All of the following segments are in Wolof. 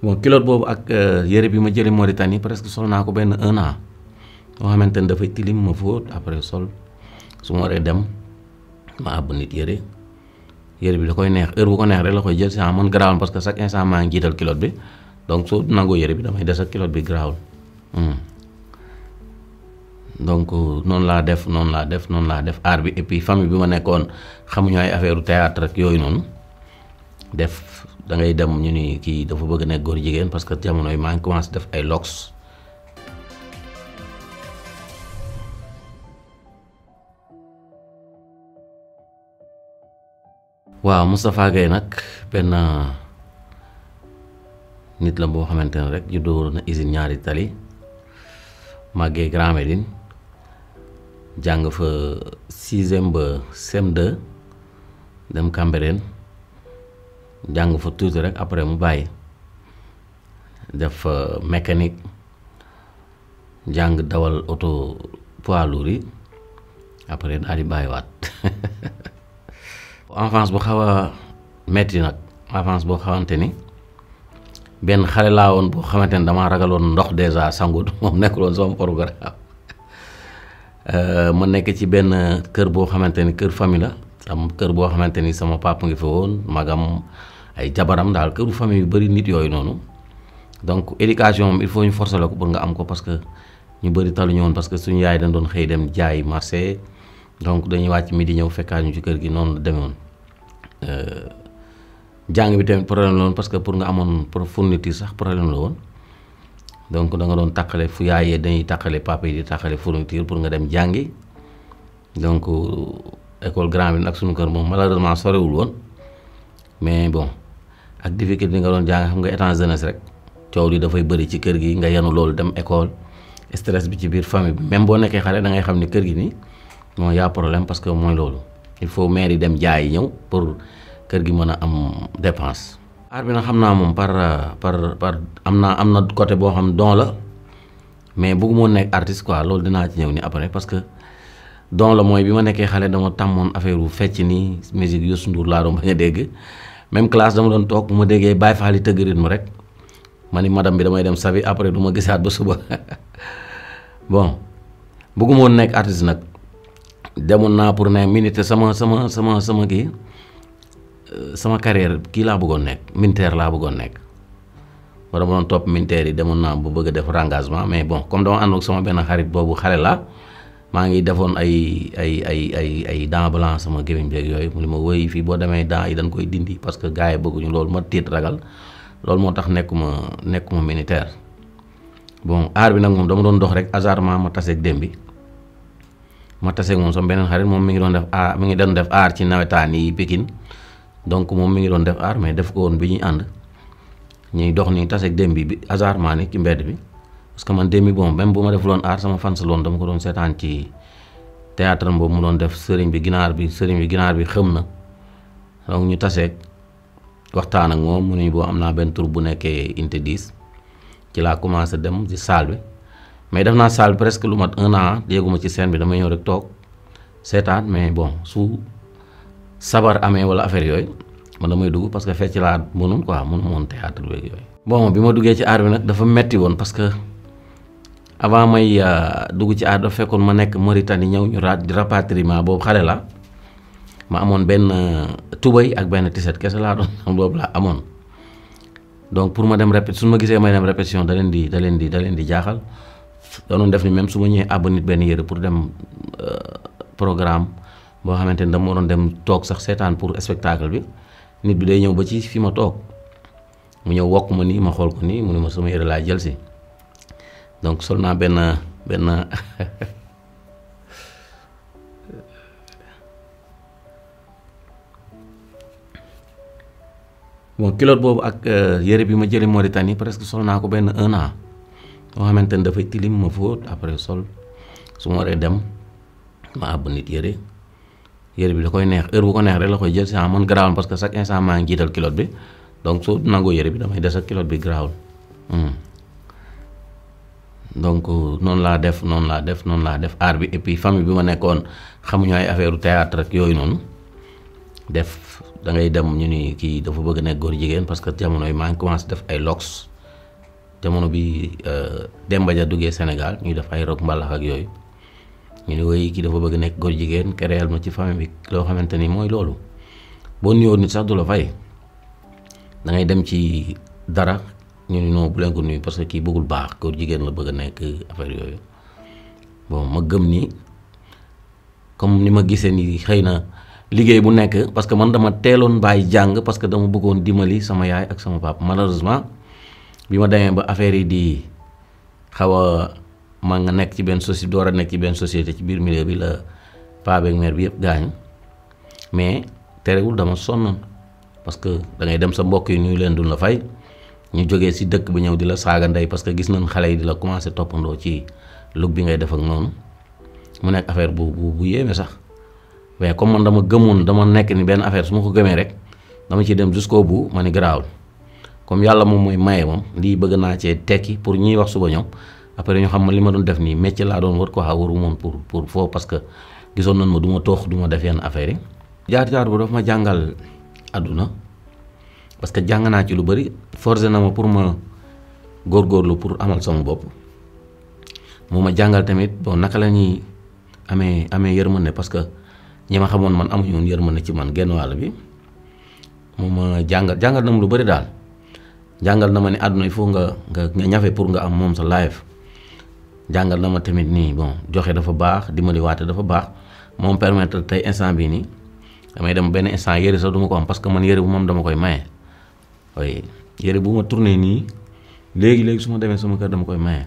bon culotte boobu ak euh, yére bi ma jëlee Mauritanie presque sol naa ko benn un an moo xamante ne dafay tilim ma fóot après sol su ma waree dem ma àbb nit yére yére bi da koy neex heure bu ko neex rek la koy jël si man garaawul parce que chaque instant maa ngi jiital culotte bi donc soo nangoo yére bi damay des ak culotte bi garaawul hmm. donc euh, noonu laa def noonu laa def noonu laa def aar bi et puis famille bi ma nekkoon xamuñu ay affaire théâtre ak yooyu noonu def. dangay ngay dem ñu ni kii dafa bëgg nekk góor jigéen parce que jamono yi maa ngi commencé def ay lox. waaw Moustapha Gueye nag benna nit la boo xamante ne rek juddoo na usine ñaari tali màggee Grand Médine jàng fa sixième ba CM2 dem Cambérène jàng fa tuuti rek après mu bàyyi def mécanique jàng dawal oto poids lourd yi après daal di bàyyiwaat enfance bu xaw a metti nag enfance boo xamante ni benn xale laa woon boo xamante ni dama ragaloon ndox déjà sangut moom nekkul woon sama euh, ma nekk ci benn kër boo xamante ni kër famille la am kër boo xamante ni sama papa ngi fi woon magam ay jabaram daal këru famille yu bëri nit yooyu noonu donc éducation il faut ñu forcer ko pour nga am ko parce que ñu bëri talu ñu woon parce que suñu yaay dañ doon xëy dem jaay marché donc dañuy wàcc midi ñëw fekkaat ñu ci kër gi noonu la demewoon euh, jàng bi tamit problème la parce que pour nga amoon pour sax problème la donc da nga doon tàqale fu yaayee dañuy tàqale papa yi di tàqale fourniture pour nga dem jàngi donc euh, école grand bi nag suñu kër moom malheureusement sorewul woon mais bon ak activité bi nga doon jàng xam nga état jeunesse rek coow li dafay bëri ci kër gi nga yenu loolu dem école stress bi ci biir famille bi même boo nekkee xale dangay xam ne kër gi nii moo yaa problème parce que mooy loolu il faut maire yi dem jaay ñëw pour kër gi mën a am dépense. aar bi nag xam naa moom par par par am naa am na côté boo xam don la mais bëgguma woon nekk artiste quoi loolu dinaa ci ñëw ni après parce que don la mooy bi ma nekkee xale dama tàmmoon affaire wu fecc nii musique Youssou Ndour laa a dégg. même classe dama doon toog bu ma déggee Baye Fall yi tëgg rythme rek ma ni madame bi damay dem sabi après du ma gisaat ba suba bon bëgguma woon nekk artiste nag demoon naa pour ne militaire sama sama sama sama kii euh, sama carrière kii laa bëggoon nekk militaire laa bëggoon nekk ma dama doon topp militaire yi demoon naa bu bëgg a def engagement mais bon comme dama ànd ak sama benn xarit boobu xale laa maa ngi defoon ay ay ay ay ay dents sama gémmiñ beek yooyu mu ne ma woy fii boo demee dents yi dañ koy dindi parce que gars yi bëgguñu loolu ma tiit ragal loolu moo tax nekkuma nekkuma militaire bon aar bi nag moom dama doon dox rek hasardement ma taseeg dem bi ma taseeg moom sama beneen xarit moom mi ngi doon def aar mi ngi doon def aar ci nawetaan yi Pikine donc moom mi ngi doon def aar mais def ko woon bi ñuy ànd ñuy dox nii taseeg dem bi bi hasardement ne ci mbedd bi. parce que man demi bon même bu ma def loon aar sama fans dama ko doon seetaan ci théâtre boobu mu doon def sëriñ bi ginaar bi sëriñ bi ginaar bi xëm na donc ñu taseeg waxtaan ak moom mu ne boo am naa benn tur bu nekkee inte 10 ci laa commencé dem ci salle bi mais def naa salle bi presque lu mat un an yéeguma ci scène bi damay ñëw rek toog seetaan mais bon su sabar amee wala affaire yooyu man damay dugg parce que fecc laa mënul quoi mënu moon théâtre yooyu. bon avant may euh, dugg ci aada fekkoon ma nekk Mauritanie ñëw ñu rapatriement boobu xale la ma amoon benn euh, tubéy ak benn tiset kese laa doon boobu laa amoon donc pour ma dem répét su ma gisee may dem répétition da leen di daleen leen di da leen di jaaxal danoon def ni même su ma ñëwee àbb nit benn yëre pour dem euh, programme boo xamante ni dama waroon dem toog sax seetaan pour spectacle bi nit bi day ñëw ba ci fi ma toog mu ñëw wokk ma nii ma xool ko nii mu ne ma sama yére laa jël si. donc sol naa benn benn bon culotte boobu ak euh, yére bi ma jëlee Mauritanie presque sol naa ko benn un an moo xamante ni dafay tilim ma fóot après sol su ma waree dem ma àbb nit yére yére bi da koy neex heure bu ko neex rek la koy jël sans man garaawul parce que chaque instant maa ngi jiital culotte bi donc soo nangoo yére bi damay des ak culotte bi garaawul. Hmm. donc noonu laa def noonu laa def noonu laa def aar bi et puis bi ma nekkoon xamuñu ay affaire théâtre rek yooyu noonu def dangay dem ñu ni kii dafa bëgg nekk góor jigéen parce que jamono yi ngi commencé def ay lox jamono bi euh, Demba Dia duggee Sénégal ñuy def ay rock mbalax ak yooyu ñu ni woy kii dafa bëgg nekk góor jigéen créel ma ci famille bi loo xamante ni mooy loolu boo nuyoo nit sax du la fay dangay dem ci dara ñu ni non bu leen ko nuyu parce que kii bëggul baax koo jigéen la bëgg a nekk affaire yooyu bon ma gëm ni comme ni ma gisee ni xëy na liggéey bu nekk parce que man dama teeloon bàyyi jàng parce que dama bëggoon dimbali sama yaay ak sama papa malheureusement bi ma demee ba affaire yi di xaw a ma nga ci benn société door a ci benn société ci biir milieu bi la paa bi yëpp gaañu mais terewul dama sonn parce que dangay dem sa mbokk yi nuyu leen dul la fay. ñu jógee si dëkk bi ñëw di la saaga ndey parce que gis nañ xale yi di la commencé toppandoo ci lug bi ngay def ak noonu mu nekk affaire bu bu bu yéeme sax mais comme man dama gëmoon dama nekk ni benn affaire su ma ko gëmee rek dama ci dem jusqu'au bout ma ni garaawul comme yàlla moom mooy maye moom lii bëgg naa cee tekki pour ñuy wax suba ñoom après ñu xam ma li ma doon def nii métier laa doon war ko xaw waru moom pour pour foo parce que gisoon nañ ma duma toox du ma def yenn affaire yi. jaar jaar ma jàngal àdduna. parce que jàng naa ci lu bëri forcé na ma pour ma góorgóorlu pour amal sama bopp moom ma jàngal tamit bon naka la ñuy amee amee yërmande parce que ñi ma xamoon man amuñu woon yërmande ci man genn wàll bi moom ma jàngal jàngal na ma lu bëri daal jàngal na ma ne àdduna il faut nga nga nga ñafe pour nga am moom sa laayaf jàngal na ma tamit nii bon joxee dafa baax dimbali waate dafa baax moom permettre tey instant bii nii damay dem benn instant yëre sax du ma ko am parce que man yëre bu moom dama koy maye. oui yére bu ma tourné nii léegi léegi su ma demee sama kër dama koy maye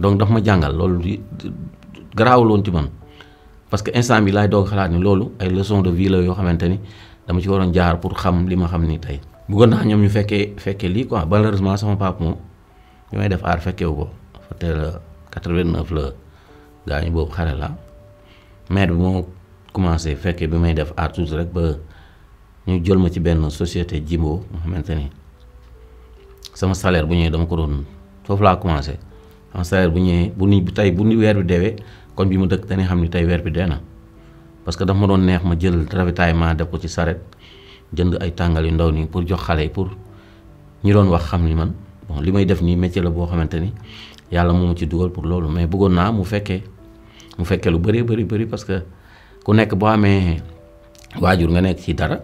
donc daf ma jàngal loolu garaawul woon ci man parce que instant bi laay doog xalaat ni loolu ay leçon de vie la yoo xamante ni dama ci waroon jaar pour xam li ma xam ni tey. bëggoon naa ñoom ñu fekkee fekkee lii quoi malheureusement sama papa moom ñu may def aar fekkewu ko fa teel a 89 la gaañu boobu xare la maire bi moo commencé fekkee bi may def aar tuuti rek ba. ñu jël ma ci benn societé jimbo nga xamante ni sama salaire bu ñëwee dama ko doon foofu laa commencé sama salaire bu ñëwee bu ni tey bu ni weer bi deewee kon bi ma dëkk dañuy xam ni tey weer bi dee na parce que dafa ma doon neex ma jël ravitaillement def ko ci saret jënd ay tàngal yu ndaw nii pour jox xale yi pour ñi doon wax xam ni man bon li may def nii métier la boo xamante ni yàlla moo ma ci dugal pour loolu mais bëggoon naa mu fekkee mu fekkee lu bëri bëri bëri parce que ku nekk boo amee waajur nga nekk ci dara.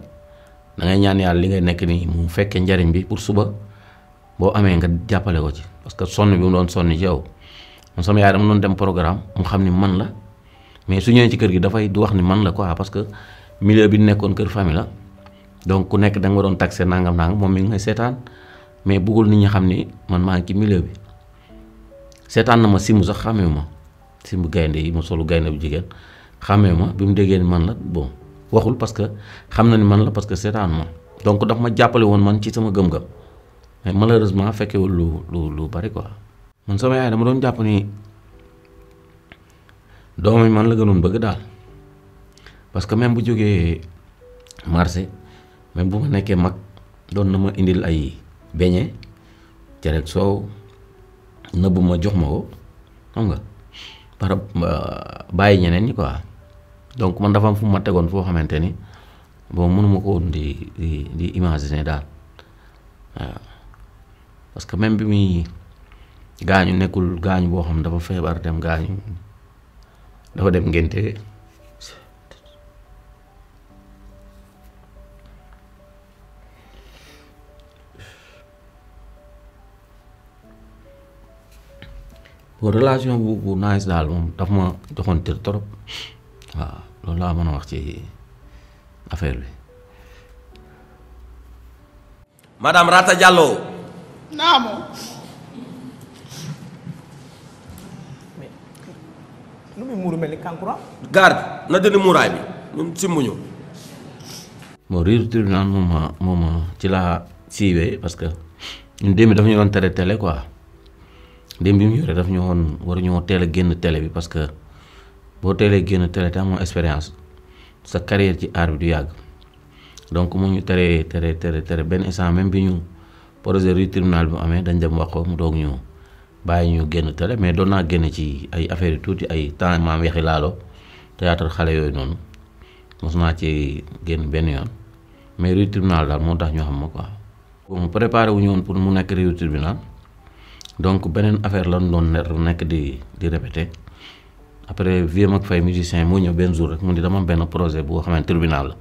dangay ñaan yàlla li ngay nekk nii mu fekkee njariñ bi pour suba boo amee nga jàppale ko ci parce que sonn bi mu doon sonn ci yow man sama yaay dama doon dem programme mu xam ni man la mais su ñëwee ci kër gi dafay du wax ni man la quoi parce que milieu bi nekkoon kër famille la donc ku nekk da nga ma doon taxé nangam nangam moom mi ngi may seetaan mais bëggul nit ñi xam ni man maa ngi ki milieu bi seetaan na ma simu sax xàmmewu ma simu gaynde yi ma solu gaynde bu jigéen xàmmewu ma bi mu déggee ni man la waxul parce que xam na ni man la parce que seetaan ma donc daf ma jàppale woon man ci sama gëm-gëm fekkewul lu lu lu bari quoi. man sama yaay dama doon jàpp ni doom man la gënoon bëgg daal parce que même bu jógee marché même bu ma nekkee mag doon na ma indil ay beñe cere soow nëbbu ma jox ma ko xam nga par euh, bàyyi ñeneen ñi quoi. donc man dafa am fu ma tegoon foo xamante ni bon mënuma ko woon di di di imaginer daal waaw parce que même bi muy gaañu nekkul gaañu boo xam ne dafa feebar dem gaañu dafa dem ngénte bon relation bu bu nice daal moom daf ma joxoon tër trop waaw loolu laa mën a wax ci affaire bi. madame Rata Diallo. naamu. mais lu mel ni kankura. garde na dindi muuraay bi ñun simbuñu. bon riiru tribunal moom moom ci laa siiwee parce que ñun démb dafa ñu doon tere télé quoi démb bi mu yore daf ñu woon waruñoo teel a génn télé bi parce que. boo teelee génn télé te amoo expérience sa carrière ci art bi du yàgg donc mu ñu tere tere tere tere benn instant bi ñu projet rue tribunal bi amee dañ dem wax ko mu doog ñu bàyyi ñu génn télé mais doon naa génn ci ay affaire yu tuuti ay temps maam yaxi laalo théâtre xale yooyu noonu mos naa ci génn benn yoon mais rue tribunal moo tax ñu xam ma quoi. bon préparé wu ñu woon pour mu nekk rue tribunal donc beneen affaire lan doon nekk di di répété. après Vieux ak Faye musicien moo ñëw benn jour rek mu ni dama benn projet boo xamante tribunal la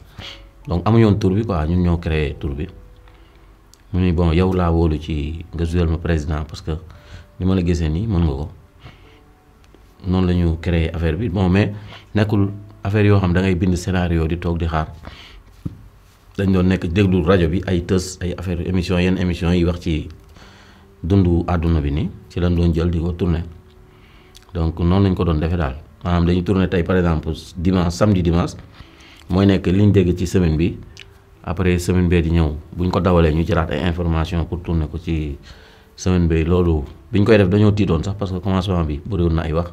donc amuñu woon tur bi quoi ñun ñoo créé tur bi mu ni bon yow laa woolu ci nga jouel ma président parce que ni ma la gisee nii mën nga ko noonu la ñu créé affaire bi bon mais nekkul affaire yoo xam da ngay bind scénario di toog di xaar dañ doon nekk déglu rajo bi ay tës ay affaire émission yenn émission yi wax ci dundu àdduna bi nii ci lañ doon jël di ko tourné. donc noonu lañ ko doon defee daal maanaam dañu tourner tey par exemple dimanche samedi dimanche mooy nekk li ñu dégg ci semaine bi après semaine bee di ñëw bu ñu ko dawalee ñu jëlaat ay information pour tourner ko ci semaine bi loolu bi ñu koy def dañoo tiitoon sax parce que commencement bi bëriwoon na ay wax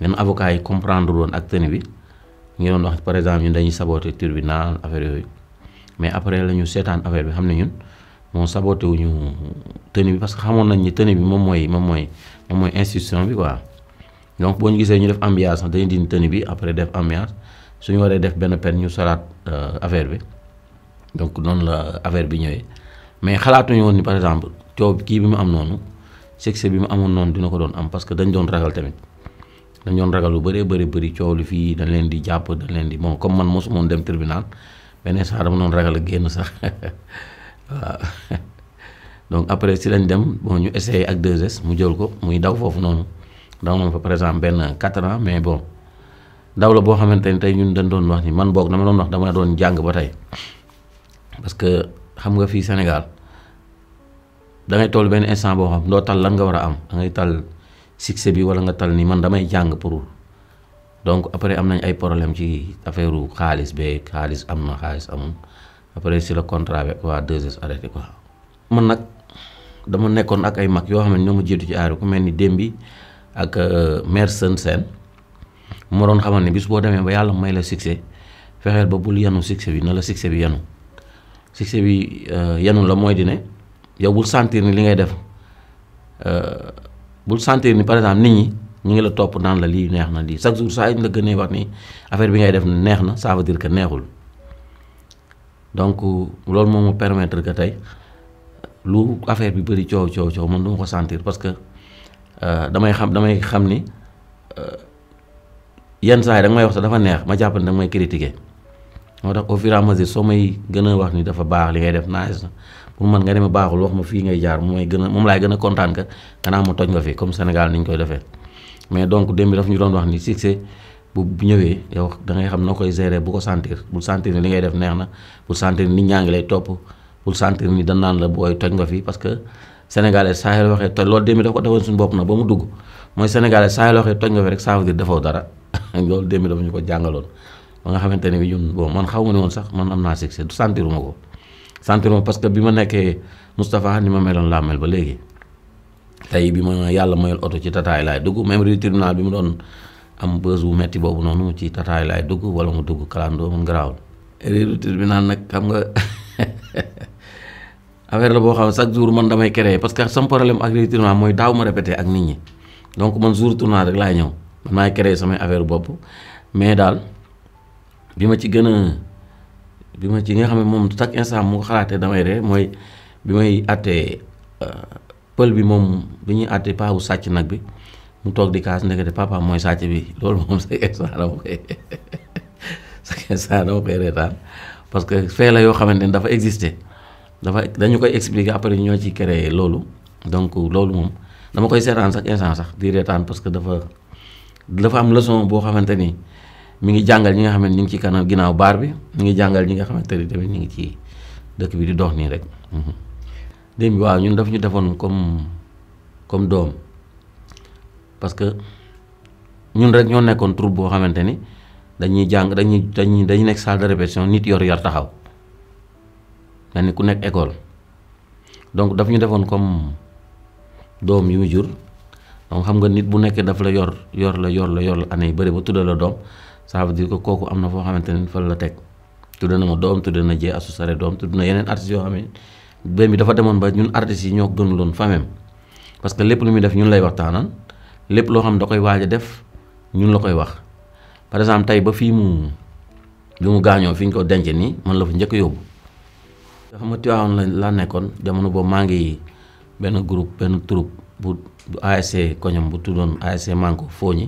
yenn avocats yi comprendre woon ak tenue bi ñu doon wax par exemple dañuy saboter tribunal affaire yooyu mais après la ñu seetaan affaire bi xam ne ñun moom saboté wuñu tenue bi parce que xamoon nañ ni tenue bi moom mooy moom mooy mooy institution bi quoi. donc boo ñu gisee ñu def ambiance dañuy dindi tenue bi après def ambiance suñu waree def benn pen ñu salaat euh, affaire bi donc noonu la affaire bi ñëwee mais xalaatuñu woon ni par exemple coow kii bi mu am noonu succès bi mu amoon noonu dina ko doon am parce que dañ doon ragal tamit dañ doon ragal lu baree bëri bëri coow lu fii dañ leen di jàpp dañ leen di moom comme man mosuma dem tribunal beneen saa dama doon ragal a génn sax waaw donc après lañ dem bon ñu essayé ak s mu jël ko muy daw foofu noonu. dama moom fa par exemple benn quatre ans mais bon daw la boo xamante ne tey ñu dañ doon wax ni man boog dama doon wax dama doon jàng ba tey parce que xam nga fii Sénégal da tool benn instant boo xam doo tal lan nga war a am da ngay tal succès bi wala nga tal nii man damay jàng pour donc après am nañ ay problème ci affaire xaalis be xaalis am na xaalis amul après si la contrat bi waa 2S arrêté quoi. man nag dama nekkoon ak ay mag yoo xam ne ñoo ma jiitu ci aar ku mel ni démb bi ak euh, maire Sën Sène moo doon xamal ne bis boo demee ba yàlla may la succès fexeel ba bul yanu succès bi na la succès bi yanu succès bi euh, yanu la mooy di ne yow bul sentir ni li ngay def euh, bul sentir ni par exemple nit ñi ñu ngi la topp naan la lii neex na lii chaque jour saa ñu la gënee wax ni affaire bi ngay def neex na ça veut que neexul donc loolu moo ma permettre que tey lu affaire bi bëri coow coow coow man duma ko sentir parce Euh, damay xam damay xam ni euh, yenn saa yi da may wax sax dafa neex ma jàpp ne da nga may critiquer moo tax au fur et à soo may gën a wax ni dafa baax li ngay def naaj na pour man nga demee baaxul wax ma fii ngay jaar moom gën a moom laay gën a kontaan ka xanaa ma toj nga fi comme senegal ni ñu koy defee. mais donc démb daf ñu doon wax ni succès bu ñëwee yow da ngay xam noo koy gérer bu ko sentir bul sentir ni li ngay def neex na bul sentir ni nit ñaa ngi lay topp bul sentir ni danaan la booy toj nga fi parce que. sénégalais saa waxee toj loolu démb dafa ko defoon suñu bopp nag ba mu dugg mooy sénégalais saa yoo waxee toj nga fi rek ça veut dire defoo dara loolu démb dafa ñu ko jàngaloon ba nga xamante ne bi ñun bon man xaw ma ne woon sax man am naa succès du sentiruma ko sentiruma parce que bi ma nekkee Moustapha ni ma meloon laa mel ba léegi tey bi ma yàlla mayal oto ci tataay laay dugg même rue tribunal bi mu doon am bës bu metti boobu noonu ci tataay laay dugg wala mu dugg kalandoo mun garaawul rue tribunal nag affaire la boo xam ne chaque jour man damay créer parce que sama problème ak mooy daaw ma répété ak nit ñi donc man jour tournoi rek laay ñëw man maay créer samay affaire bopp mais daal bi ma ci gën a bi ma ci nga xam ne moom chaque instant mu xalaatee damay ree mooy bi may àttee euh, pël bi moom bi ñuy àttee paa sàcc nag bi mu toog di kaas ndekete papa mooy sàcc bi loolu moom chaque instant dama koy chaque instant parce que fee la yoo xamante ni dafa exister. dafa dañu koy expliquer après ñoo ci créer loolu donc loolu moom dama koy seetaan sax instant sax di reetaan parce que dafa dafa am leçon boo xamante ni mu ngi jàngal ñi nga xam ne ñu ngi ci kanam ginnaaw baar bi mi ngi jàngal ñi nga xamante ni tamit ñu ngi ci dëkk bi di dox nii rek. Mhm. démb bi ñun daf ñu defoon comme comme doom parce que ñun rek ñoo nekkoon troupe boo xamante ni dañuy jàng dañuy dañuy dañuy nekk salle de répétition nit yor yor taxaw. mel ni ku nekk école donc daf ñu defoon comme doom yu mu jur donc xam nga nit bu nekkee daf la yor yor la yor la yor la année yu bëri ba tudda la doom ça di dire kooku am na foo xamante ne fa la teg tudda na ma doom tudda na jee asu sare doom tudd na yeneen artistes yoo xam ne benn bi dafa demoon ba ñun artistes yi ñoo doon famem parce que lépp lu muy def ñun lay waxtaanal lépp loo xam ne da koy waaj a def ñun la koy wax par exemple tey ba fii mu bi mu gaañoo fi ñu ko denc nii man la fa njëkk yóbbu. xam nga Tivaouane la laa nekkoon jamono boobu maa ngi benn groupe benn troupe bu ASC koñom bu tuddoon ASC foo ñi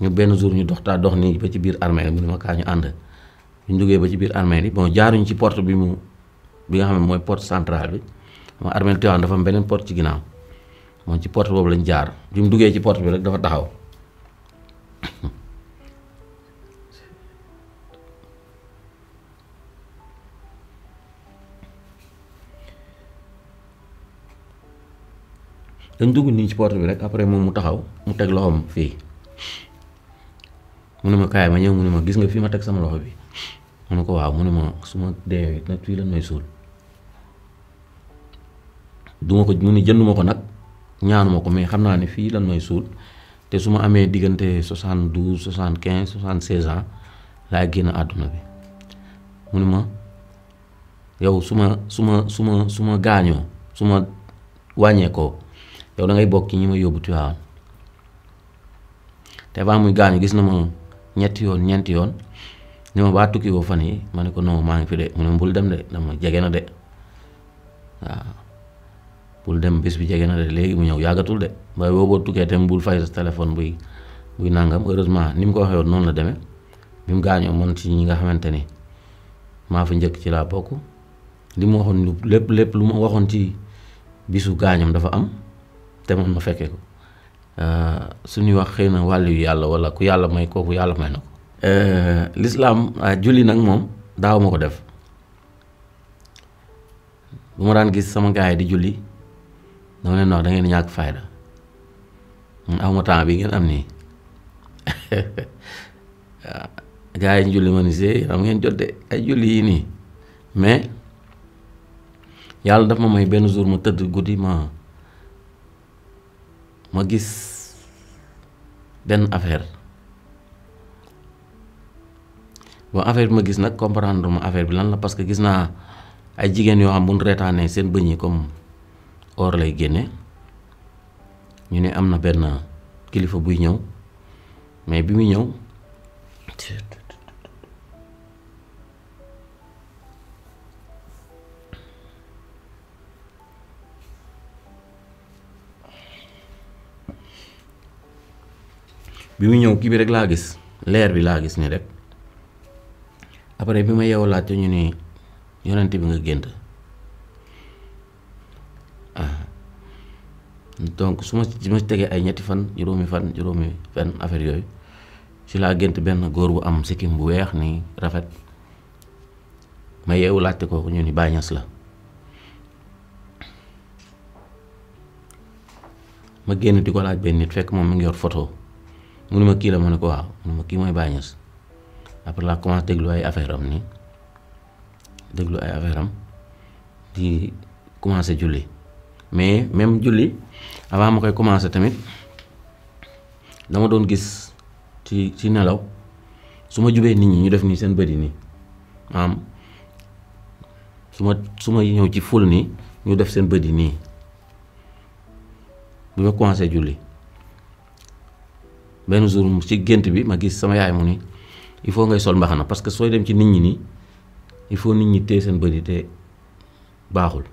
ñu benn jour ñu dox taa dox nii ba ci biir bi mu ne ma kaa ñu ànd ñu duggee ba ci biir armée bi bon jaaruñ ci porte bi mu bi nga xam ne mooy porte centrale bi xam nga armée Tivaouane dafa beneen porte ci ginnaaw moom ci porte boobu lañu jaar bi mu duggee ci porte bi rek dafa taxaw. dañ dugg nii ci porte bi rek après moom mu taxaw mu teg loxoom fii mu ne ma kaay ma ñëw mu ne ma gis nga fii ma teg sama loxo bi mu ne ko waaw mu ne ma suma ma deewee nag fii lan may suul duma ko mu ne jënduma ko nag ñaanuma ko mais xam naa ne fii lan may suul te su ma amee diggante soixante douze soixante quinze soixante seize ans laa génn àdduna bi mu ne ma yow suma suma suma suma su gaañoo su ma wàññeekoo yow dangay bokk ci ñi ma yóbbu Tiwaawan te avant muy gaañu gis na ma ñetti yoon ñeenti yoon ni ma baa tukki woo fan yi ma ne ko non maa ngi fi de mu ne bul dem de ma jege na de waaw bul dem bis bi jege na de léegi mu ñëw yàggatul de mbay boo boo tukkee tam bul fay sa téléphone buy buy nàngam heureusement ni mu ko waxee noonu la demee bi mu gaañoo man ci ñi nga xamante ni maa fa njëkk ci laa bokk li mu waxoon lépp lépp lu ma waxoon ci bisu gaañam dafa am. te man ma fekkee ko euh, suñuy wax xëy na wàllu yàlla wala ku yàlla may kooku yàlla may na ko. Euh, lislaam euh, julli nag moom daaw ma ko def bu ma daan gis sama gaay di julli dama leen wax da ngeen ñàkk fayda man aw ma bi ngeen am nii gaay yi julli ma ni see am ngeen jot de ay julli yi nii mais yàlla daf ma may benn jour ma tëdd guddi ma. ma gis benn affaire bon affaire bi ma gis nag comprendre mu affaire bi lan la parce que gis naa ay jigéen yoo xam bu ñu reetaanee seen bëñ yi comme or lay génne ñu ni am na benn kilifa buy ñëw mais bi muy ñëw. bi muy ñëw kii bi rek laa gis leer bi laa gis ni rek après bi ma yeewu laajte ñu ni yonent bi nga gént ah donc su ma su ma tegee ay ñetti fan juróomi fan juróomi fan affaire yooyu ci laa gént benn góor bu am sikkim bu weex ni rafet ma yeewu laajte kooku ñu ni Baay la ma génn di ko laaj benn nit fekk moom mu ngi yor photo mu ne ma kii la ma ne ko waaw mu ne ma kii mooy Baye Niass après la commencé déglu ay affaire am nii déglu ay affaire am di commencé julli mais même julli avant ma koy commencé tamit dama doon gis ci ci nelaw su ma jubee nit ñi ñu def nii seen bëri nii maanaam su ma su ma ñëw ci ful nii ñu def seen bëri nii bi ma commencé julli. benn jour mu ci gént bi ma gis sama yaay mu ni il faut ngay sol mbaxana parce que sooy dem ci nit ñi nii il faut nit ñi téye seen bëri te baaxul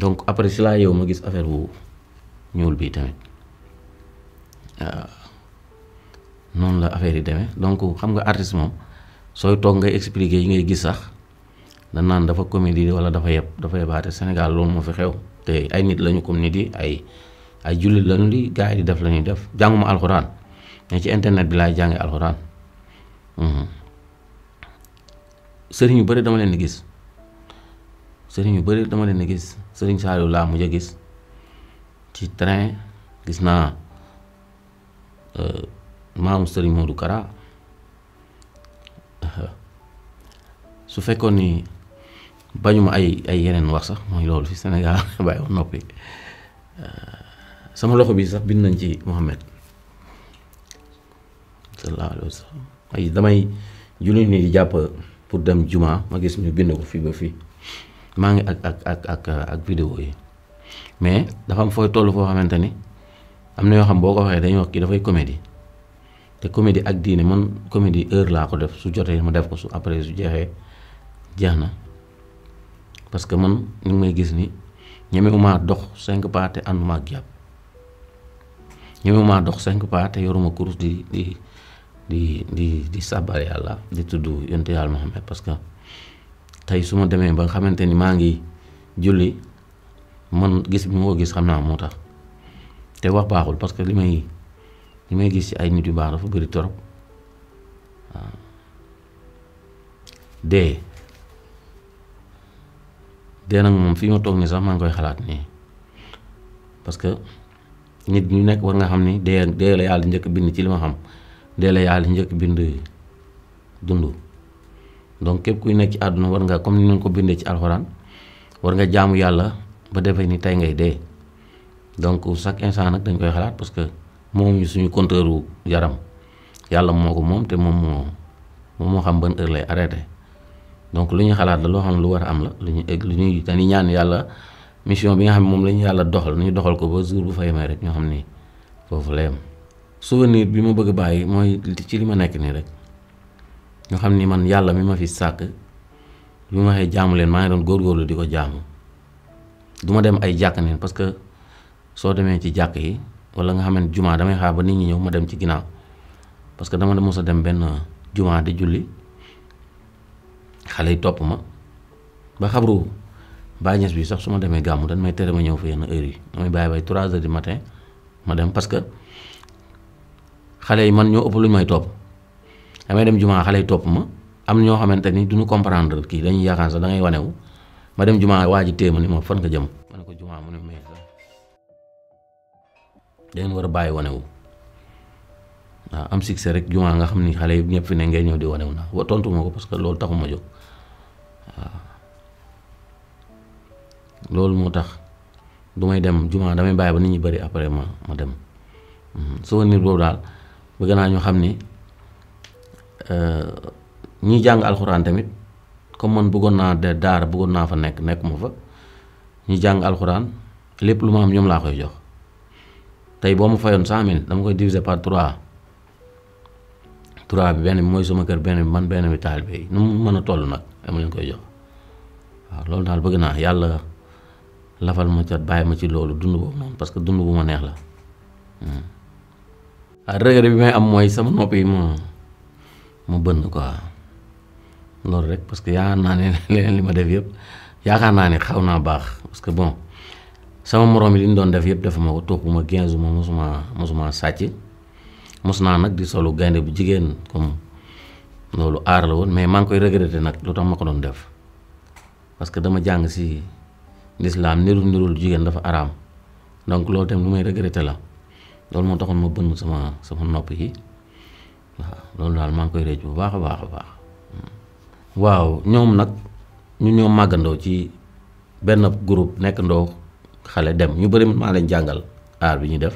donc après si laa yow ma gis affaire bu ñuul bi tamit waaw ah, noonu la affaire yi demee donc xam nga artiste moom sooy toog ngay expliquer yi ngay gis sax da naan dafa comédie wala dafa yeb dafa yebaate Sénégal loolu moo fi xew te ay nit lañu comme nit yi ay ay jullit lañu li gars yi di def lañuy def jànguma alxuraan. mais ci internet bi laay jànge alxuraan mhm. sëriñ yu bëri dama leen gis sëriñ yu bëri dama gis sëriñ Saliou laa mujj a gis ci train gis naa euh, maamu sëriñ Modou Kara su fekkoon ni bañuma ay ay yeneen wax sax mooy loolu fi Sénégal bàyyi woon noppi euh, sama loxo bii sax bind nañ ci Mouhamed sallallahu damay julli ni di jàpp pour dem jumaa ma gis ñu bind ko fii ba fii maa ngi ak ak ak ak ak yi mais dafa fooy toll foo xamante ni am na yoo xam boo ko waxee dañoo kii dafay comédie te comédie ak diine man comédie heure laa ko def su jotee ma def ko su après su jeexee jeex na parce que man ñu ngi may gis ni ñemewumaa dox cinq pas te ànduma ak jàpp ñemewumaa dox cinq pas te yoruma course di di. di di di sàbbar yàlla di tudd yonte yàlla Muhammad parce que tey su ma demee ba xamante ni maa ngi julli man gis bi ma ko gis xam naa moo tax te wax baaxul parce que li may li may gis ci ay nit yu baax dafa bëri torop waaw dee dee nag moom fii ma toog nii sax maa ngi koy xalaat nii parce que nit ñu nekk war nga xam ne dee dee la yàlla njëkk bind ci li ma xam Ndella yaa li njëkk bind dund donc képp kuy nekk ci àdduna war nga comme ni ñu ko bindee ci alxuraan war nga jaamu yàlla ba defee ni tey ngay dee donc chaque instant nag dañ koy xalaat parce que moom suñu compteur yaram yàlla moo ko moom te moom moo moom moo xam ban heure lay arrêté donc lu ñuy xalaat la loo xam ne lu war a am la lu ñuy egg lu ñuy dañuy ñaan yàlla mission bi nga xam moom la ñu yàlla doxal ñu doxal ko ba jour bu fay may rek ñoo xam ni foofu la souvenir bi ma bëgg bàyyi mooy ci li ma nekk nii rek ñu xam ni man yàlla mi ma fi sàkk bi ma waxee jaamu leen maa ngi doon góor góorgóorlu di ko jaamu duma dem ay jàkk neen parce que soo demee ci jàkk yi walla nga xam ne jumaa damay xaar ba nit ñi ñëw ma dem ci ginnaaw parce que dama mos a dem benn jumaa di julli xale yi topp ma ba xabru Baay bi sax su ma demee gàmmu dañ may tere ma ñëw fa yenn heure yi damay bàyyi bay trois heures du matin ma dem parce que. xale yi man ñoo ëpp lu ñu may topp damay dem jumaa xale yi topp ma am ñoo xamante ni duñu comprendre kii dañuy yaakaar sax da ngay wanewu ma dem jumaa waa ji téema ni ma fan nga jëm ma ne ko jumaa mu ne may war a bàyyi wanewu waaw am rek jumaa nga xam ni xale yi ñëpp fi ne ngay ñëw di wanewu na wa tontu ma ko parce que loolu taxuma jóg waaw loolu moo tax du may dem jumaa damay bàyyi ba nit ñi bari après ma ma dem hmm, souvenir boobu daal bëgg naa ñu xam ni euh, ñuy jàng alxuraan tamit comme man bëggoon naa de daara bëggoon naa fa nekk nekkuma fa ñi jàng alxuraan lépp lu ma am ñoom laa koy jox tey boo ma fayoon cent mille dama koy diviser par trois trois bi benn bi mooy suma kër benn bi man benn bi taalibe yi nu mu mën a toll nag dama leen koy jox waaw loolu daal bëgg naa yàlla lafal ma cat bàyyi ma ci loolu dund boobu noonu parce que dund bu ma neex la. Hmm. ah regret bi may am mooy sama nopp yi ma ma bënn quoi loolu rek parce que yaakaar naa ne leneen li ma def yëpp yaakaar naa ne xaw naa baax parce que bon sama moroom yi li ñu doon def yëpp dafa ma ko topp ma 15 ma mosuma mosuma sàcc mos naa nag di solu gaynde bu jigéen comme loolu aar woon mais maa ngi koy regretter nag lu ma ko doon def parce que dama jàng si lislaam nirul nirul jigéen dafa araam donc loolu dem lu may regretter la. loolu moo taxoon ma bënn sama sama nopp yi waaw loolu daal maa ngi koy réccu bu baax a baax a baax waaw ñoom nag ñu ñoo màggandoo ci benn group nekkandoo xale dem ñu bari bëri maa leen jàngal aar bi ñu def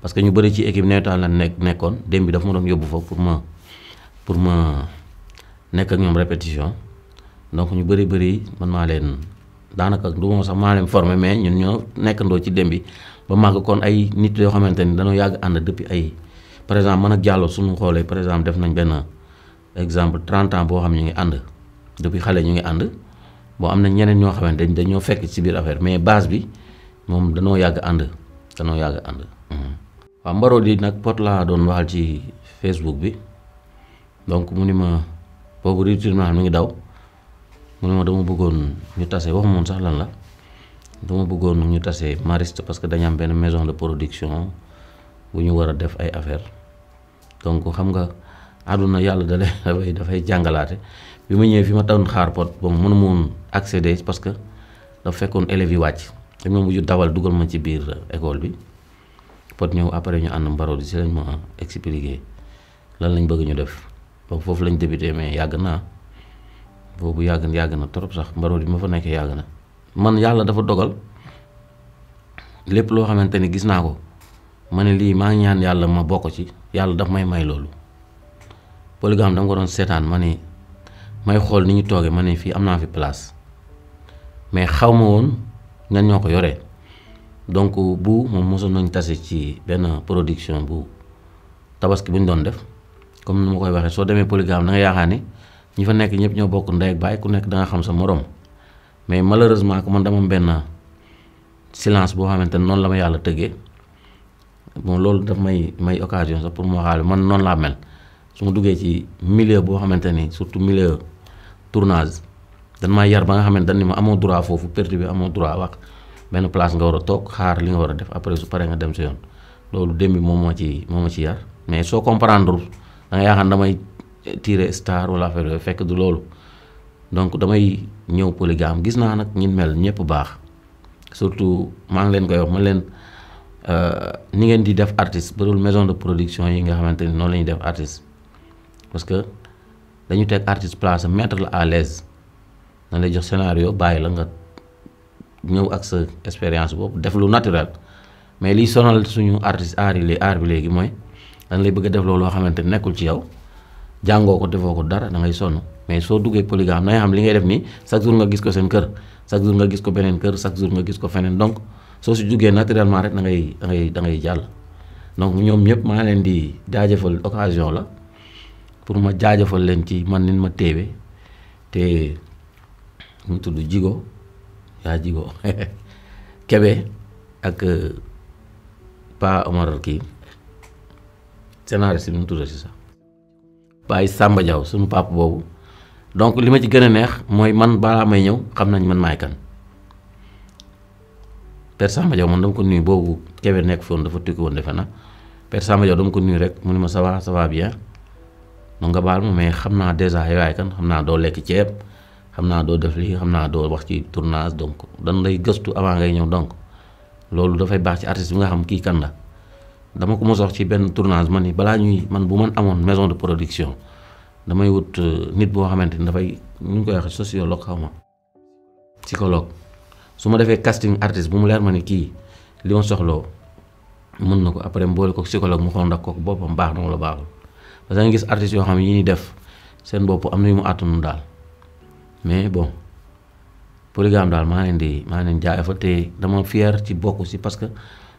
parce que ñu bari ci équipe nawetaan la nekk nekkoon démbi dafa ma doon yóbbu fa pour ma pour ma nekk ak ñoom répétition donc ñu bëri bëri man maa leen daanaka du ma sax maa leen formé mais ñun ñoo nekkandoo ci dem bi ba màgg kon ay nit yoo xamante ni dañoo yàgg ànd depuis ay par exemple mën ak Diallo suñu xoolee par exemple def nañ benn exemple 30 ans boo xam ñu ngi ànd depuis xale ñu ngi ànd boo am na ñeneen ñoo xamante ni dañoo fekk ci biir affaire mais base bi moom danoo yàgg ànd danoo yàgg ànd. waa mhm. waaw Marodi nag pot laa doon waxal ci Facebook bi donc mu ni ma boobu rupture mi ngi daw mu ni ma dama bëggoon ñu tase waxu moom sax lan la. dama bëggoon ñu tasee Mariste parce que dañu am benn maison de production bu ñu war a def ay affaire donc xam nga àdduna yàlla da lay dafay dafay jàngalaate bi ma ñëwee fi ma doon xaar pot bon mënu ma woon accéder parce que dafa fekkoon élèves yi wàcc dañ ma mujj dawal dugal ma ci biir école bi pot ñëw après ñu ànd mbaroo si lañ ma expliquer lan lañ bëgg ñu def donc foofu lañ débuté mais yàgg naa boobu yàgg yàgg na trop sax mbaroo di ma fa nekk yàgg na. man yàlla dafa dogal lépp loo xamante ni gis naa ko ma ne lii maa ñaan yàlla ma bokk ci yàlla daf may may loolu polygame dama ko doon seetaan ma ne may xool ni ñu toogee ma ne fii am naa fi place mais xaw ma woon ñan ñoo ko yore donc bu moom mosoon nañu tase ci benn production bu tabaski bu ñu doon def comme nu ma koy waxee soo demee polygame da nga yaakaar ne ñi fa nekk ñëpp ñoo bokk ndey ak baay ku nekk danga xam sa morom. mais malheureusement que man dama am benn silence boo xamante ne noonu la ma yàlla tëggee bon loolu daf may may occasion sax pour mu waxaale man noonu laa mel su ma duggee ci milieu boo xamante ni surtout milieu tournage dan maa yar ba nga xamante ni ma amoo droit foofu perturbé amoon droit wax benn place nga war a toog xaar li nga war a def après su paree nga dem sa yoon loolu démb moom moo ci moom moo ci yar mais soo comprendre da nga yaakaar damay tirer star wala affaire yooyu fekk du loolu damay. ñëw polygame gis naa nag ñin mel ñëpp baax surtout maa ngi leen koy wax ma leen euh, ni ngeen di def artiste bërul maison de production yi nga xamante ni noonu lañuy def artiste parce que dañu teg artiste place mettre la à l'aise na lay jox scénario bàyyi la nga ñëw ak sa expérience boobu def lu naturel mais liy sonal suñu artiste aar yi aar bi léegi mooy dañ lay bëgg a def loolu loo xamante nekkul ci yow jàngoo ko defoo ko dara da sonn. mais soo duggee polygame na nga xam li ngay def nii chaque jour nga gis ko seen kër chaque jour nga gis ko beneen kër chaque jour nga gis ko feneen donc soo si duggee naturellement rek da ngay da ngay jàll. donc ñoom ñëpp maa leen di jaajëfal occasion la pour ma jaajëfal leen ci man nit ma téewe te mu tudd Jigo yaa Jigo Kebe ak euh, Pa Omar kii scénariste bi mu tudd si sax Baye Samba Diaw suñu pap boobu. donc li ma ci gën a neex mooy man balaa may ñëw xam nañ man maay kan Père Samba Diaw man dama ko nuyu boobu Kébé nekk foon dafa tukki woon defe na Père Samba Diaw dama ko nuyu rek mu ne ma ça va ça va bien mu nga baal ma mais xam naa dèjà yaay xam naa doo lekk ceeb xam naa doo def lii xam naa doo wax ci tournage donc dan lay gëstu avant ngay ñëw donc loolu dafay baax ci artiste bi nga xam kii kan la dama ko mos ci benn tournage man ni balaa ñuy man bu man amoon maison de production. damay wut euh, nit boo xamante ni dafay nu ñu koy waxee sociologue xaw ma psychologue su ma defee casting artiste bu mu leer ma ne kii li ma soxloo mën na ko après mboole ko psychologue mu xool ndax kooku boppam baax na la baaxul parce que nga gis artistes yoo xam ne yi ñuy def seen bopp am na yu mu àttanu daal mais bon polygame daal maa leen di maa leen jaay fa te dama fier ci bokk si parce que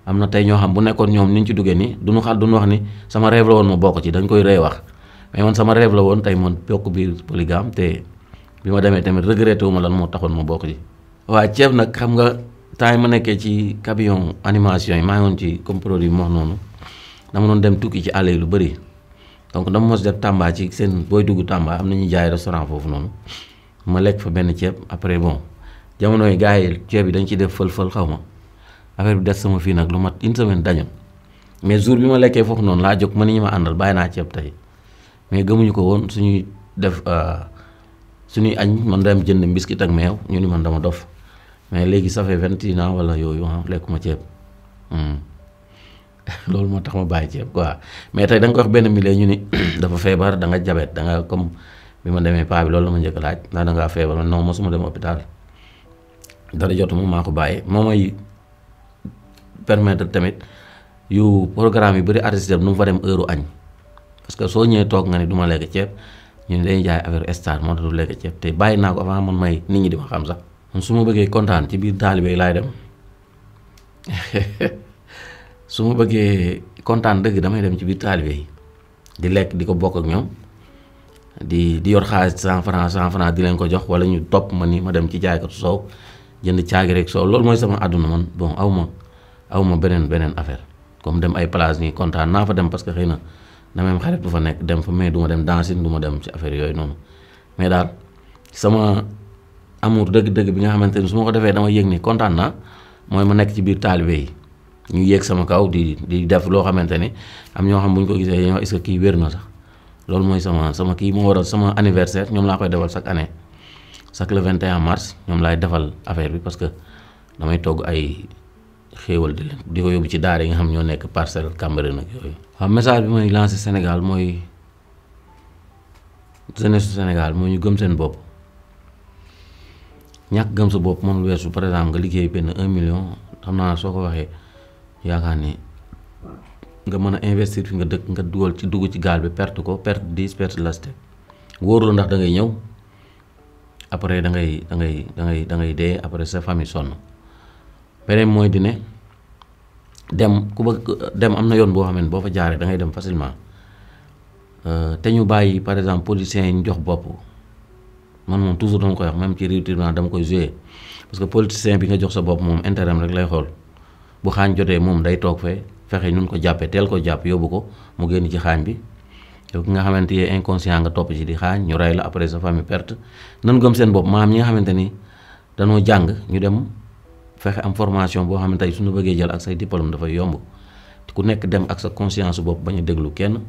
am na tey ñoo xam bu nekkoon ñoom ni ñu ci duggee nii duñu xaat duñu wax ni sama rêve bokk ci dañ koy rey wax. mais man sama rêve la woon tey man bokk biir polygame te bi ma demee tamit regretté wu ma lan moo taxoon ma bokk ci. waa ceeb nag xam nga temps yi ma nekkee ci cabillon animation yi maa ngi woon ci comme produit moo noonu dama doon dem tukki ci àll yi lu bëri donc dama mos def Tamba ci seen booy dugg Tamba am na ñuy jaay restaurant foofu noonu ma lekk fa benn ceeb après bon jamono yi gars yi ceeb yi dañ ci def fël-fël xaw ma affaire bi des sama fii nag lu mat une semaine dañu mais jour bi ma lekkee foofu noonu laa jóg ma ni ñu ma àndal bàyyi naa ceeb tey. mais gëmuñu ko woon suñuy def euh, suñuy añ man dem jënd mbiskit ak meew ñu ni man dama dof mais léegi ça fait vingt et wala yooyu ah lekkuma ceeb hmm. loolu moo tax ma bàyyi ceeb quoi mais tey danga ko wax benn milieu ñu ni dafa feebar da nga jabet danga nga comme bi ma demee paa bi loolu la ma njëkk laaj ndax da ngaa feebar non mosuma dem hôpital dara jotuma maa ko bàyyi moo may permettre tamit yu programme yu bëri artiste nu mu fa dem heure añ. parce que soo ñëwee toog nga ne duma ma lekk ceeb ñu ne dañuy jaay affaire star moo tax du lekk ceeb te bàyyi naa ko avant man may nit ñi di ma xam sax su ma bëggee kontaan ci biir taalibe laay dem su ma bëggee kontaan dëgg damay dem ci biir taalibe yi di lekk di ko bokk ak ñoom di di yor xaalis cent franc cent franc di leen ko jox wala ñu topp ma ni ma dem ci jaaykatu soow jënd caagi rek soow loolu mooy sama àdduna man bon aw ma aw ma beneen beneen affaire comme dem ay place nii kontaan naa fa dem parce que xëy na. dama am xarit bu fa nekk dem fa mais du dem dancing du ma dem ci affaire yooyu noonu mais daal sama amour dëgg-dëgg bi nga xamante ni su ma ko defee dama yëg ni kontaan naa mooy ma nekk ci biir taalibe yi ñu yéeg sama kaw di di def loo xamante ni am ñoo xam bu ñu ko gisee dañoo est-ce kii wér na sax loolu mooy sama sama kii moo waral sama anniversaire ñoom laa koy defal chaque année chaque le 21 mars ñoom laay defal affaire bi parce que damay togg ay xéewal di leen di ko yóbbu ci daara yi nga xam ñoo nekk parcelle Cambérène ak yooyu. waaw message bi may lancé senegal mooy jeunesse Sénégal moo ñu gëm seen bopp ñàkk gëm sa bopp moom lu weesu par exemple nga liggéey benn un million xam naa soo ko waxee yaakaar ni nga mën a investir fi nga dëkk nga dugal ci dugg ci gaal bi perte ko perte dix perte laste wóorul ndax da ngay ñëw après da ngay dangay dangay da ngay dee après sa famille sonn. beneen mooy di ne dem ku ba dem am na yoon boo xam ne boo fa jaaree da ngay dem facilement euh, te ñu bàyyi par exemple politiciens yi ñu jox bopp man moom toujours dama koy wax même ci réew tribunal koy joué parce que politicien bi nga jox sa bopp moom intérêt rek lay xool bu xaañ jotee moom day toog fee fexe nun ko jàppee teel ko jàpp yóbbu ko mu génn ci xaañ bi yow ki nga xamante ni inconscient nga topp ci di xaañ ñu rey la après sa famille perte nan gëm seen bopp maam ñi nga xamante ni danoo jàng ñu dem. fexe am formation boo xam ne tey suñu bëggee jël ak say diplôme dafay yomb ku nekk dem ak sa conscience bopp bañ a déglu kenn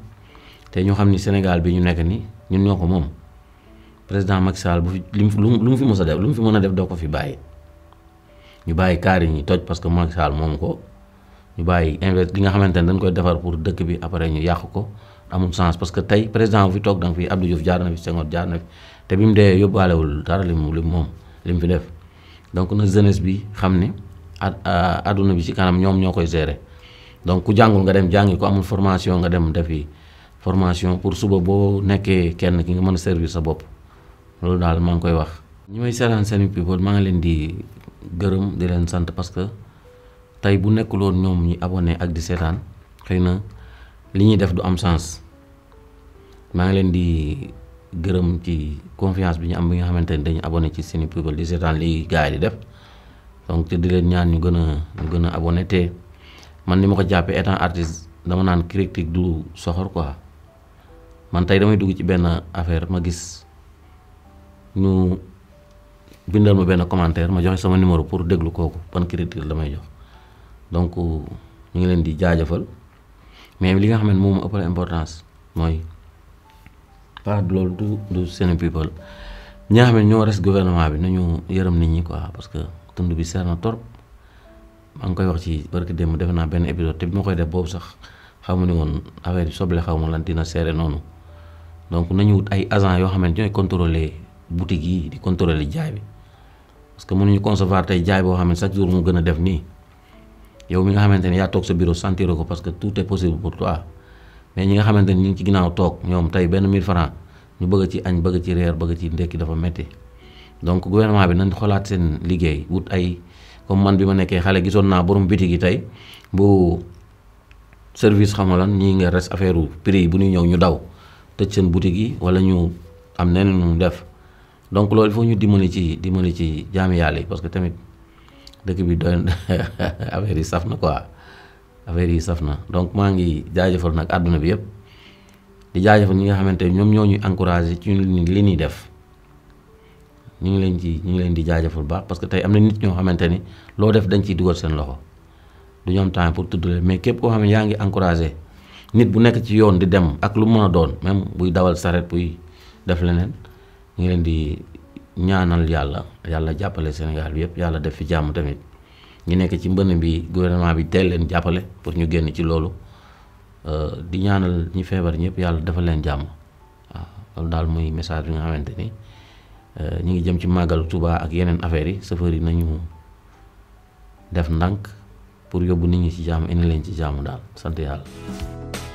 te ñu xam ni Sénégal bi ñu nekk ni ñun ñoo ko moom président Macky Sall bu fi lu mu fi mës a def lu mu fi mën a def doo ko fi bàyyi ñu bàyyi kaar yi ñuy toj parce que Macky Sall moom ko ñu bàyyi invest li nga xamante ne dañ koy defar pour dëkk bi après ñu yàq ko amul sens parce que tey président bu fi toog danga fi Abdou Diouf jaar na fi Senghor jaar na fi te bi mu dee yóbbaalewul dara moom li mu fi def donc na jeunesse bi xam ne àdduna euh, bi ci kanam ñoom ñoo koy seere donc ku jàngul nga dem jàngi ko amul formation nga dem defi formation pour suba boo nekkee kenn ki nga mën a servir sa bopp loolu daal maa ngi koy wax. ñi may seetaan seen people maa ngi leen di gërëm di leen sant parce que tey bu nekkuloon ñoom ñi abonné ak di seetaan xëy na li ñuy def du am sens maa ngi leen di. gërëm ci confiance bi ñu am bi nga xamante ni dañu abonné ci seen people di seetaan li gars li def donc te di leen ñaan ñu gën a ñu gën a abonné te man ni ma ko jàppee étant artiste dama naan critique du soxor quoi man tey damay dugg ci benn affaire ma gis ñu bindal ma benn commentaire ma joxe sama numéro pour déglu kooku ban critique la may jox donc ñu ngi leen di jaajëfal mais li nga xam ne moom ëppale importance mooy. par loolu du du seen people ñi nga xam ne ñoo res gouvernement bi nañu yërëm nit ñi quoi parce que tund bi seer na torop maa ngi koy wax ci barki démb defe naa benn épisode te bi ma koy def boobu sax xamu ne woon affaire bi soble xaw ma lan dina seere noonu donc nañu wut ay agent yoo xamante ñooy contrôler boutique yi di contrôler jaay bi parce que mënuñu concevoir tey jaay boo xam ne chaque jour mu gën a def nii yow mi nga xamante ne yaa toog sa bureau sentir ko parce que tout est possible mais ñi nga xamante ni ñu ngi ci ginnaaw toog ñoom tey benn 1000 francs ñu bëgg ci añ bëgg ci reer bëgg ci ndekki dafa metti donc gouvernement bi nañ xoolaat seen liggéey wut ay comme man bi ma nekkee xale gisoon naa borom bitig yi tey bu service xam lan ñii nga res affaire prix yi bu ñuy ñëw ñu daw tëj seen boutique yi wala ñu am neneen ñu def donc loolu il ñu dimbali ci dimbali ci jaami yàlla parce que tamit dëkk bi doon affaire yi saf na quoi. affaire yi saf na donc maa ngi jaajëfal nag àdduna bi yëpp di jaajëfal ñi nga xamante ne ñoom ñoo ñuy encouragé ci ñu li ñuy def ñu ngi leen ci ñu ngi leen di jaajëfal baax parce que tey am na nit ñoo xamante ni loo def dañ ciy dugal seen loxo du ñoom am temps pour tudd leen mais képp koo xam ne yaa ngi encouragé nit bu nekk ci yoon di dem ak lu mën a doon même buy dawal saret buy def leneen ñu ngi leen di ñaanal yàlla yàlla jàppale Sénégal bi yëpp yàlla def fi jàmm tamit. ñu nekk ci mbënn bi gouvernement bi teel leen jàppale pour ñu génn ci loolu euh, di ñaanal ñi feebar ñëpp yàlla defal leen jàmm waaw loolu daal muy message bi nga xamante ni euh, ñu ngi jëm ci màggal Tuuba ak yeneen affaires yi chauffeur yi nañu def ndànk pour yóbbu nit ñi ci jàmm indi leen ci jàmm daal sant yàlla.